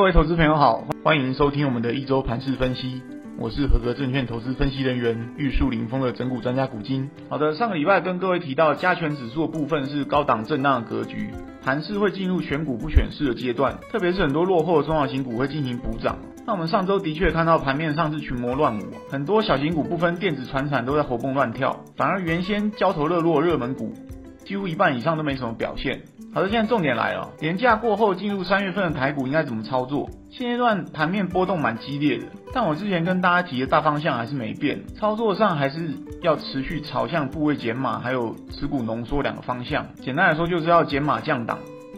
各位投資朋友好，歡迎收聽我們的一周盤市分析。我是合格證券投資分析人員玉樹臨風的拯股專家股晶。好的，上個禮拜跟各位提到加權指數的部分是高檔震盪的格局，盤市會進入選股不選市的階段，特別是很多落後的中小型股會進行補漲。那我們上周的確看到盤面上是群魔亂舞，很多小型股部分電子、傳產都在活蹦亂跳，反而原先交投熱絡熱門股幾乎一半以上都沒什麼表現。好的，現在重點來了。連假過後進入三月份的台股應該怎麼操作？現階段盤面波動蠻激烈的，但我之前跟大家提的大方向還是沒變，操作上還是要持續朝向部位減碼，還有持股濃縮兩個方向。簡單來說就是要減碼降檔，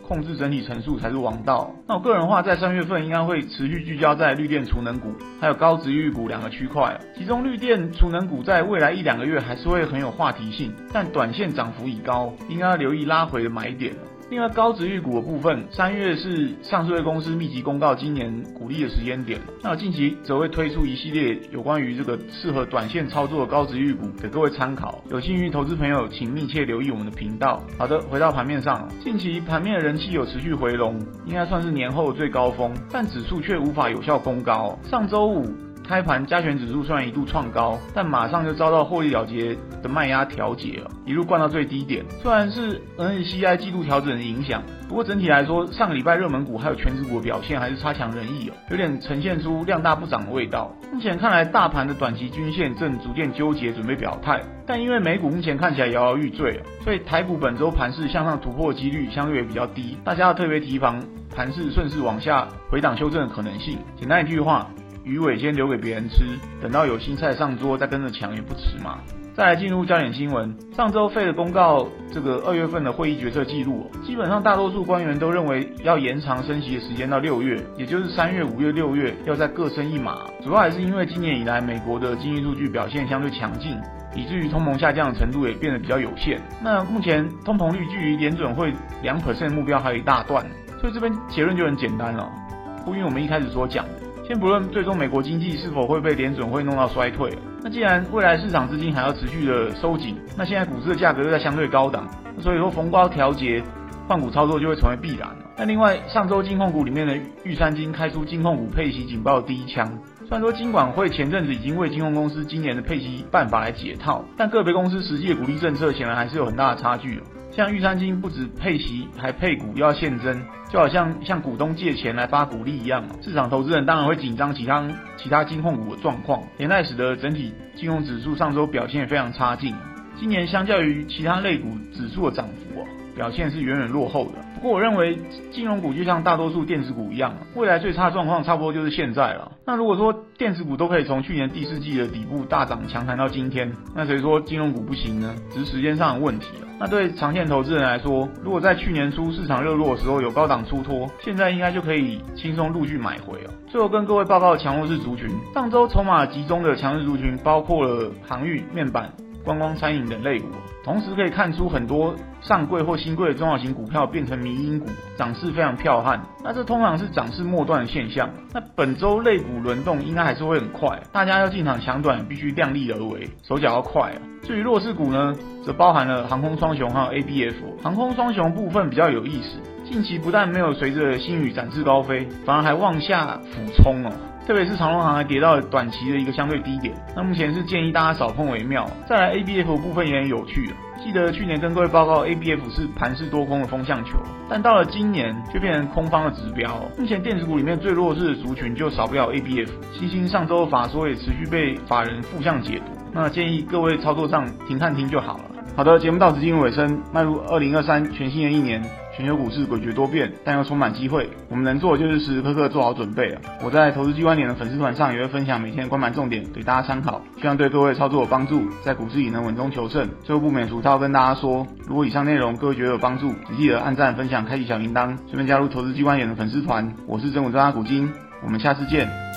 控制整體成數才是王道。那我個人的話，在三月份應該會持續聚焦在綠電儲能股還有高殖率股兩個區塊。其中綠電儲能股在未來一兩個月還是會很有話題性，但短線漲幅已高，應該要留意拉回的買點。另外，高殖利股的部分，三月是上市櫃公司密集公告今年股利的時間點。那近期則會推出一系列有關於這個適合短線操作的高殖利股，給各位參考。有興趣投資朋友，請密切留意我們的頻道。好的，回到盤面上，近期盤面的人氣有持續回籠，應該算是年後的最高峰，但指數卻無法有效攻高。上周五，開盤加權指數雖然一度創高，但馬上就遭到獲利了結的賣壓調節了，一路灌到最低點。雖然是 MSCI 季度調整的影響，不過整體來說，上個禮拜熱門股還有權值股的表現還是差強人意哦，有點呈現出量大不漲的味道。目前看來，大盤的短期均線正逐漸糾結，準備表態。但因為美股目前看起來搖搖欲墜了，所以台股本周盤勢向上突破的幾率相對也比較低，大家要特別提防盤勢順勢往下回檔修正的可能性。簡單一句話。魚尾先留給別人吃，等到有新菜上桌再跟着搶也不遲嘛。再來進入焦點新聞，上周 Fed 公告這個二月份的會議決策記錄，基本上大多數官員都認為要延長升息的時間到六月，也就是三月、五月、六月，要再各升一碼。主要還是因為今年以來美國的經濟數據表現相對強勁，以至於通膨下降的程度也變得比較有限。那目前通膨率距離聯準會兩 percent 目標還有一大段，所以這邊結論就很簡單了，呼應我們一開始所講的。先不論最終美國經濟是否會被聯準會弄到衰退、啊、那既然未來市場資金還要持續的收緊，那現在股市的價格又在相對高檔，那所以說逢高調節換股操作就會成為必然。那另外，上週金控股裡面的玉山金開出金控股配息警報的第一槍。雖然說金管會前陣子已經為金控公司今年的配息辦法來解套，但個別公司實際的股利政策顯然還是有很大的差距。像玉山金不只配息還配股，又要現增，就好像向股東借錢來發股利一樣、啊、市場投資人當然會緊張其他其他金控股的狀況，連帶使得整體金融指數上周表現也非常差勁。今年相較於其他類股指數的漲幅、啊表現是遠遠落後的。不過我認為，金融股就像大多數電子股一樣、啊，未來最差的狀況差不多就是現在了。那如果說電子股都可以從去年第四季的底部大漲強彈到今天，那誰說金融股不行呢？只是時間上的問題了、啊。那對長線投資人來說，如果在去年初市場熱絡的時候有高檔出脫，現在應該就可以輕鬆陸續買回了、啊。最後跟各位報告的強勢族群，上周籌碼集中的強勢族群包括了航運、面板。觀光餐飲等類股，同時可以看出很多上櫃或興櫃的中小型股票變成迷因股，漲勢非常彪悍。那這通常是漲勢末段的現象。那本周類股輪動應該還是會很快，大家要進場搶短，必須量力而為，手腳要快啊。至於弱勢股呢，則包含了航空雙雄還有 ABF。航空雙雄部分比較有意思，近期不但沒有隨着星宇展翅高飛，反而還往下俯衝哦、啊。特別是長隆行還跌到了短期的一個相對低點，那目前是建議大家少碰為妙。再來，ABF 部分也很有趣了。記得去年跟各位報告，ABF 是盤勢多空的風向球，但到了今年卻變成空方的指標。目前電子股裡面最弱勢的族群就少不了 ABF。欣興上周法說也持續被法人負向解讀，那建議各位操作上停看聽就好了。好的，節目到此進入尾聲，邁入二零二三全新的一年。全球股市詭譎多變，但又充滿機會。我們能做的就是時時刻刻做好準備了。我在投資 G 觀點的粉絲團上也會分享每天關盤重點，給大家參考，希望對各位操作有幫助，在股市也能穩中求勝。最後不免俗套，跟大家說，如果以上內容各位覺得有幫助，請記得按讚、分享、開啟小鈴鐺，順便加入投資 G 觀點的粉絲團。我是拯股專家股晶，我們下次見。